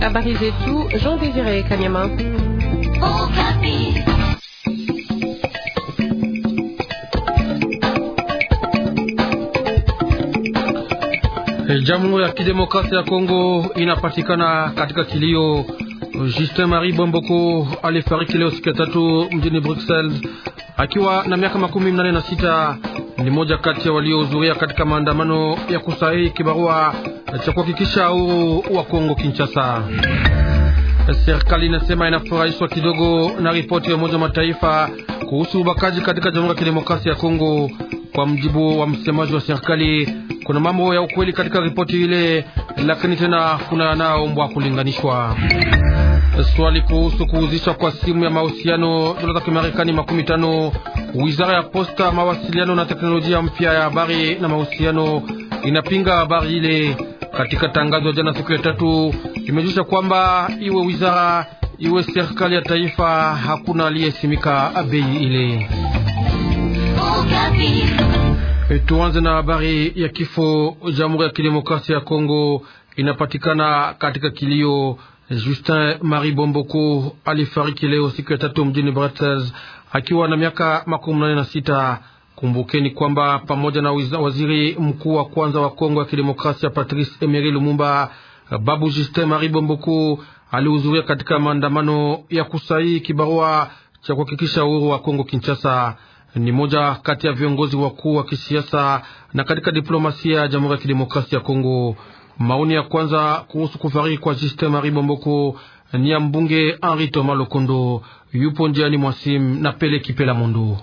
Habari zetu Jean Désiré Kanyama. Jamhuri ya Kidemokrasia ya Kongo inapatikana katika kilio. Justin Marie Bomboko alifariki leo siku ya tatu mjini Bruxelles akiwa na miaka makumi mnane na sita. Ni moja kati ya waliohudhuria katika maandamano ya kusahihi kibarua cha kuhakikisha uhuru wa Kongo Kinshasa. Serikali inasema inafurahishwa kidogo na ripoti ya Umoja Mataifa kuhusu ubakaji katika Jamhuri ya Kidemokrasia ya Kongo. Kwa mjibu wa msemaji wa serikali, kuna mambo ya ukweli katika ripoti ile, lakini tena kuna yanayoombwa kulinganishwa. Swali kuhusu kuuzishwa kwa simu ya mahusiano dola za Kimarekani makumi tano. Wizara ya Posta, mawasiliano na teknolojia mpya ya habari na mahusiano inapinga habari ile. Katika tangazo jana siku ya tatu kimejusha kwamba iwe wizara iwe serikali ya taifa, hakuna aliyesimika bei ile. Eh, tuanze na habari ya kifo. Jamhuri ya Kidemokrasia ya Kongo inapatikana katika kilio. Justin Marie Bomboko alifariki leo siku ya tatu mjini Brussels akiwa na miaka makumi nane na sita. Kumbukeni kwamba pamoja na waziri mkuu wa kwanza wa Kongo ya Kidemokrasia Patrice Emery Lumumba, Babu Justin Marie Bomboku alihudhuria katika maandamano ya kusaini kibarua cha kuhakikisha uhuru wa Kongo Kinshasa. Ni moja kati ya viongozi wakuu wa kisiasa na katika diplomasia ya Jamhuri ya Kidemokrasia ya Kongo. Maoni ya kwanza kuhusu kufariki kwa Justin Marie Bomboku ni ya mbunge Henri Thomas Lokondo, yupo njiani mwasim na Pele Kipela Mundu.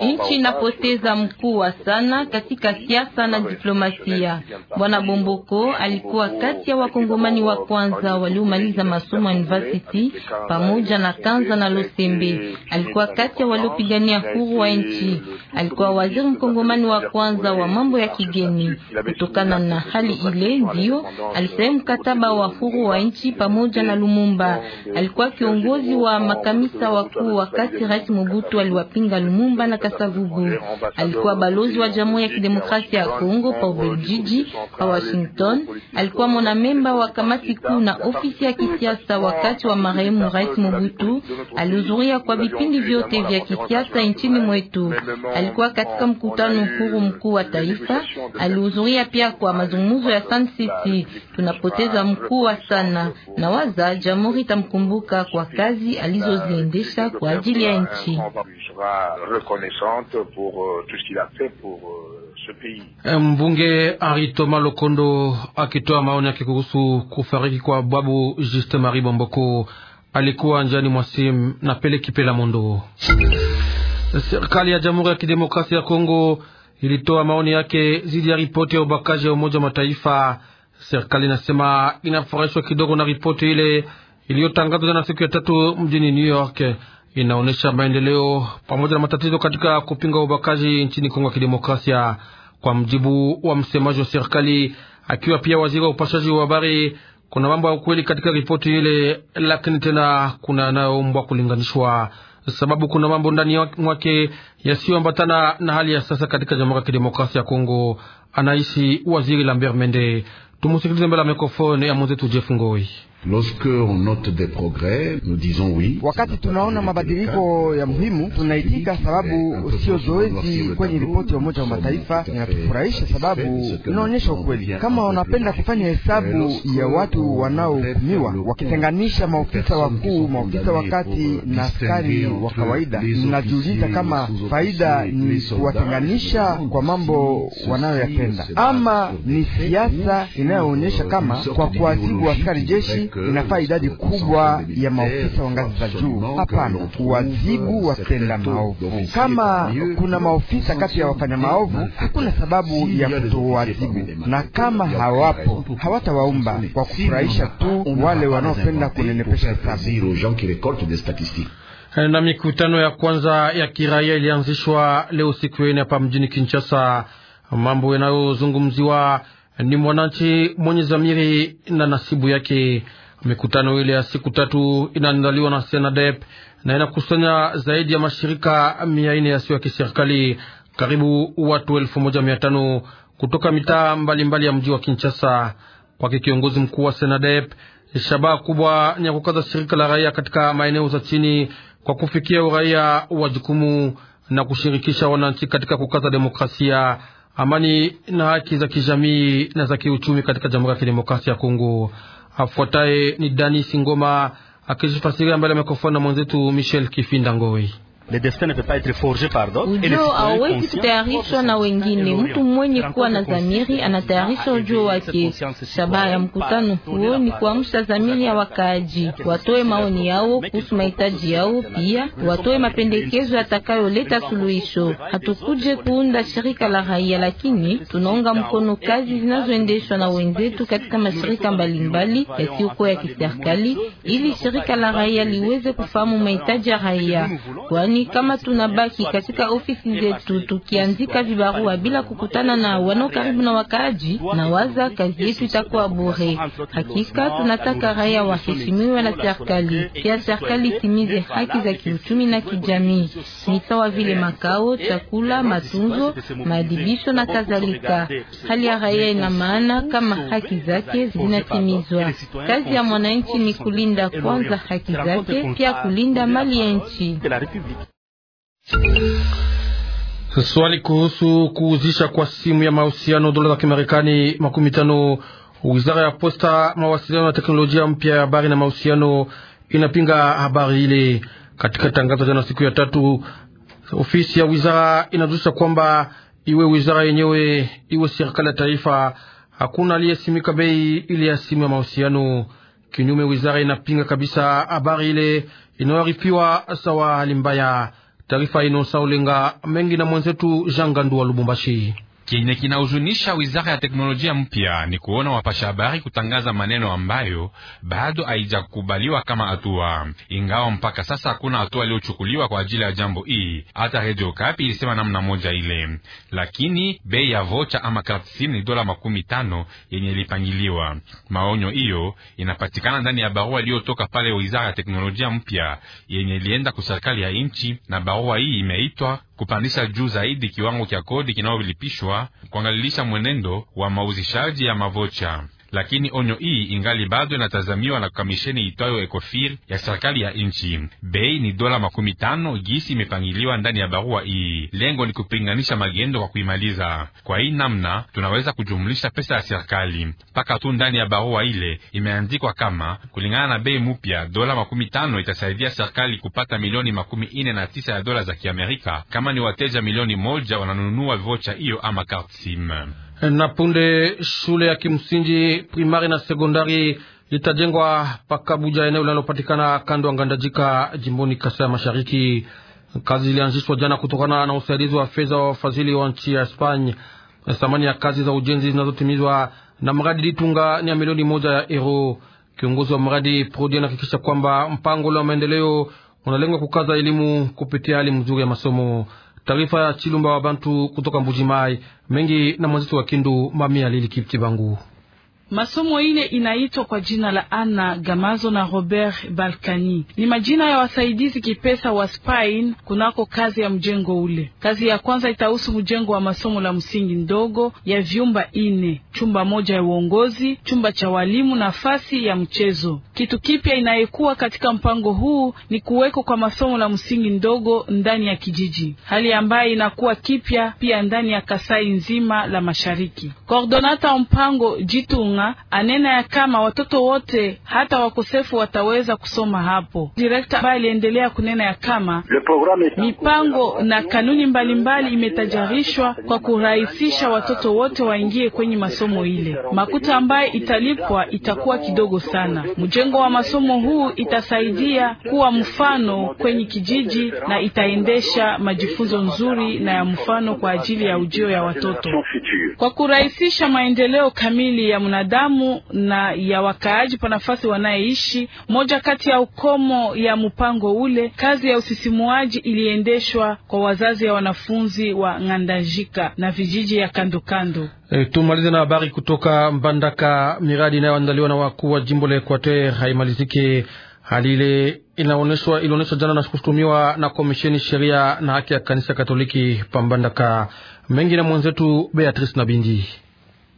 Nchi inapoteza mkuu sana katika siasa na diplomasia. Bwana Bomboko alikuwa kati ya wakongomani wa kwanza waliomaliza masomo ya university pamoja na Kanza na Losembe. Alikuwa kati ya waliopigania huru wa nchi. Alikuwa waziri mkongomani wa kwanza wa mambo ya kigeni. Kutokana na hali ile, ndio alisaini mkataba wa huru wa nchi pamoja na Lumumba. Alikuwa kiongozi wa makamisa wakuu wakati Rais Mobutu aliwapinga Lumumba na Kasavubu. Alikuwa balozi wa Jamhuri ya Kidemokrasia ya Kongo pa Ubeljiji, pa Washington. Alikuwa mwanamemba wa kamati kuu na ofisi ya kisiasa wakati wa marehemu Rais Mobutu. Alihudhuria kwa vipindi vyote vya kisiasa nchini mwetu. Alikuwa katika mkutano mkuu mkuu wa taifa. Alihudhuria pia kwa mazungumzo ya Sun City. Tunapoteza mkuu wa sana, na waza Jamhuri itamkumbuka kwa kazi alizoziendesha kwa ajili ya Euh, reconnaissante pour euh, tout ce qu'il a fait wananchi. Euh, Mbunge Ari Toma Lokondo akitoa maoni yake kuhusu kufariki kwa babu Juste Marie Bomboko alikuwa njani mwasim na Pele Kipela Mondo. Serikali ya Jamhuri ya Kidemokrasia ya Kongo ilitoa maoni yake zidi ya ripoti ya ubakaji ya Umoja wa Mataifa. Serikali inasema inafurahishwa kidogo na ripoti ile iliyotangazwa jana siku ya tatu mjini New York inaonyesha maendeleo pamoja na matatizo katika kupinga ubakaji nchini Kongo ya Kidemokrasia, kwa mjibu wa msemaji wa serikali akiwa pia waziri wa upashaji wa habari. Kuna mambo ya ukweli katika ripoti ile, lakini tena kuna yanayoombwa kulinganishwa, sababu kuna mambo ndani mwake yasiyoambatana na hali ya sasa katika Jamhuri ya Kidemokrasia ya Kongo, anaishi waziri Lambert Mende. Tumusikilize mbele ya mikrofoni ya mwenzetu Jeff Ngoi. Wakati tunaona mabadiliko ya muhimu tunaitika, sababu sio zoezi kwenye ripoti ya Umoja wa Mataifa. Inatufurahisha sababu inaonyesha ukweli. Kama wanapenda kufanya hesabu ya watu wanaohukumiwa, wakitenganisha maofisa wakuu, maofisa wakati na askari wa kawaida, ninajiuliza kama faida ni kuwatenganisha kwa mambo wanayoyapenda, ama ni siasa inayoonyesha kama kwa kuadhibu askari jeshi inafaa idadi kubwa ya maofisa wa ngazi za juu, hapana wazibu watenda maovu. Kama kuna maofisa kati ya wafanya maovu, hakuna sababu ya kutowazibu, na kama hawapo hawatawaumba kwa kufurahisha tu wale wanaopenda kunenepesha hesabu eh, na mikutano ya kwanza ya kiraia ilianzishwa leo siku ya ine hapa mjini Kinshasa. Mambo yanayozungumziwa ni mwananchi mwenye zamiri na nasibu yake. Mikutano ile ya siku tatu inaandaliwa na Senadep na inakusanya zaidi ya mashirika mia nne yasiyo ya kiserikali, karibu watu elfu moja mia tano kutoka mitaa mbalimbali ya mji wa Kinshasa. Kwake kiongozi mkuu wa Senadep, shabaha kubwa ni ya kukaza shirika la raia katika maeneo za chini kwa kufikia uraia wa jukumu na kushirikisha wananchi katika kukaza demokrasia, amani na haki za kijamii na za kiuchumi katika Jamhuri ya Kidemokrasia ya Kongo. Afuataye ni Dani Singoma akizifasiria mbele ya mikrofoni na mwenzetu Michel Kifinda Ngoi ujo hauwezi kutayarishwa na wengine. Mtu mwenye kuwa na zamiri anatayarisha ujoo wake. Shabaha ya mkutano huo ni kuamsha zamiri ya wakaaji, watoe maoni yao kuhusu mahitaji yao, pia watoe mapendekezo yatakayoleta suluhisho. Hatukuje kuunda shirika la raia, lakini tunaunga mkono kazi zinazoendeshwa na wenzetu katika mashirika mbalimbali yasiyokuwa ya kiserikali, ili shirika la raia liweze kufahamu mahitaji ya raia kwani ni kama tunabaki katika ofisi zetu tukiandika vibarua bila kukutana na wano karibu na wakaaji, na waza kazi yetu itakuwa bure. Hakika tunataka raia waheshimiwe na serikali, pia serikali itimize haki za kiuchumi na kijamii, ni sawa vile makao, chakula, matunzo, maadibisho na kadhalika. Hali ya raia ina maana kama haki zake zinatimizwa. Kazi ya mwananchi ni kulinda kwanza haki zake, pia kulinda mali ya nchi. Swali kuhusu kuuzisha kwa simu ya mahusiano dola za Kimarekani makumi tano. Wizara ya Posta, Mawasiliano na Teknolojia Mpya ya Habari na Mahusiano inapinga habari ile. Katika tangazo jana siku ya tatu, ofisi ya wizara inazusha kwamba iwe wizara yenyewe iwe serikali ya taifa, hakuna aliyesimika bei ile ya simu ya mahusiano. Kinyume, wizara inapinga kabisa habari ile inayoarifiwa sawa hali mbaya Taarifa inosa mengi na mwenzetu Jean Gandu wa Lubumbashi. Kenye kinahuzunisha wizara ya teknolojia mpya ni kuona wapasha habari kutangaza maneno ambayo bado haijakubaliwa kama hatua, ingawa mpaka sasa hakuna hatua iliyochukuliwa kwa ajili ya jambo hii. Hata redio Kapi ilisema namna moja ile, lakini bei ya vocha ama karatasi ni dola makumi tano yenye ilipangiliwa. Maonyo hiyo inapatikana ndani ya barua iliyotoka pale wizara ya teknolojia mpya yenye ilienda serikali ya nchi, na barua hii imeitwa kupandisha juu zaidi kiwango cha kodi kinayolipishwa, kuangalilisha mwenendo wa mauzishaji ya mavocha lakini onyo hii ingali bado inatazamiwa na kamisheni itwayo Ekofir ya serikali ya nchi. Bei ni dola makumi tano gisi imepangiliwa ndani ya barua hii. Lengo ni kupinganisha magendo kwa kuimaliza. Kwa hii namna tunaweza kujumlisha pesa ya serikali mpaka tu ndani ya barua ile imeandikwa kama kulingana na bei mupya dola makumi tano itasaidia serikali kupata milioni makumi ine na tisa ya dola za Kiamerika kama ni wateja milioni moja wananunua vocha hiyo ama kart SIM. Na punde shule ya kimsingi primari na sekondari litajengwa Pakabuja, eneo linalopatikana kando angandajika Ngandajika, jimboni ya Mashariki. Kazi ilianzishwa jana kutokana na usaidizi wa fedha wa wafadhili wa nchi ya spanya Thamani ya kazi za ujenzi zinazotimizwa na mradi Litunga ni ya milioni moja ya euro. Kiongozi wa mradi Prodi anahakikisha kwamba mpango wa maendeleo unalengwa kukaza elimu kupitia hali mzuri ya masomo. Taarifa ya Chilumba wa Bantu kutoka Mbujimai mengi na mwenzetu wa Kindu Mamia Lili Kipti Bangu. Masomo ile inaitwa kwa jina la Anna Gamazo na Robert Balkani, ni majina ya wasaidizi kipesa wa Spain kunako kazi ya mjengo ule. Kazi ya kwanza itahusu mjengo wa masomo la msingi ndogo ya vyumba ine, chumba moja ya uongozi, chumba cha walimu, nafasi ya mchezo. Kitu kipya inayekuwa katika mpango huu ni kuweko kwa masomo la msingi ndogo ndani ya kijiji, hali ambayo inakuwa kipya pia ndani ya Kasai nzima la mashariki. Coordonata mpango Jitu Lunga anena ya kama watoto wote hata wakosefu wataweza kusoma hapo. Direkta ambaye aliendelea kunena ya kama mipango na kanuni mbalimbali imetajarishwa kwa kurahisisha watoto wote waingie kwenye masomo ile. Makuta ambaye italipwa itakuwa kidogo sana. Mjengo wa masomo huu itasaidia kuwa mfano kwenye kijiji na itaendesha majifunzo nzuri na ya mfano kwa ajili ya ujio ya watoto kwa kurahisisha maendeleo kamili ya mna binadamu na ya wakaaji pa nafasi wanayeishi. Moja kati ya ukomo ya mpango ule, kazi ya usisimuaji iliendeshwa kwa wazazi ya wanafunzi wa Ngandajika na vijiji ya kandokando. E, eh, tumalize na habari kutoka Mbandaka. Miradi inayoandaliwa na wakuu wa jimbo la Equateur haimalizike. Hali ile inaoneshwa ilionyeshwa jana na kushutumiwa na komisheni sheria na haki ya kanisa Katoliki pambandaka mengi na mwenzetu Beatrice Nabindi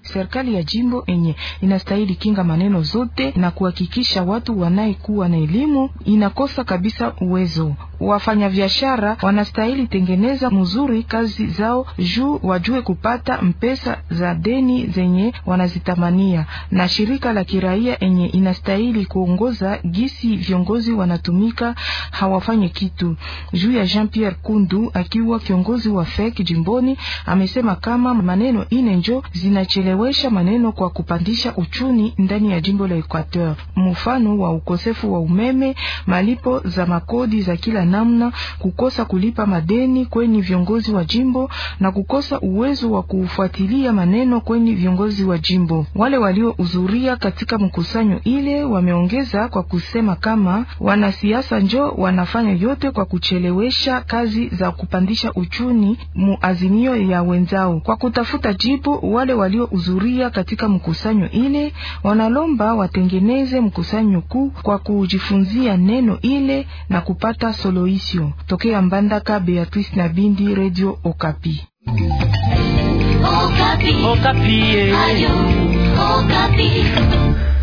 serikali ya jimbo enye inastahili kinga maneno zote na kuhakikisha watu wanayekuwa na elimu inakosa kabisa uwezo. Wafanyabiashara wanastahili tengeneza mzuri kazi zao juu wajue kupata mpesa za deni zenye wanazitamania, na shirika la kiraia enye inastahili kuongoza gisi viongozi wanatumika hawafanye kitu juu ya. Jean Pierre Kundu akiwa kiongozi wa FEC jimboni amesema kama maneno ine njo zinachelewa kuelewesha maneno kwa kupandisha uchuni ndani ya jimbo la Equateur, mfano wa ukosefu wa umeme, malipo za makodi za kila namna, kukosa kulipa madeni kweni viongozi wa jimbo na kukosa uwezo wa kufuatilia maneno kweni viongozi wa jimbo. Wale waliohudhuria katika mkusanyo ile wameongeza kwa kusema kama wanasiasa njo wanafanya yote kwa kuchelewesha kazi za kupandisha uchuni muazimio ya wenzao kwa kutafuta jibu wale walio kuhudhuria katika mkusanyo ile wanalomba watengeneze mkusanyo kuu kwa kujifunzia neno ile na kupata soloisio tokea Mbandaka. Beatrice na Bindi, Radio Okapi. Okapi. Okapi. Eh. Ayu, Okapi.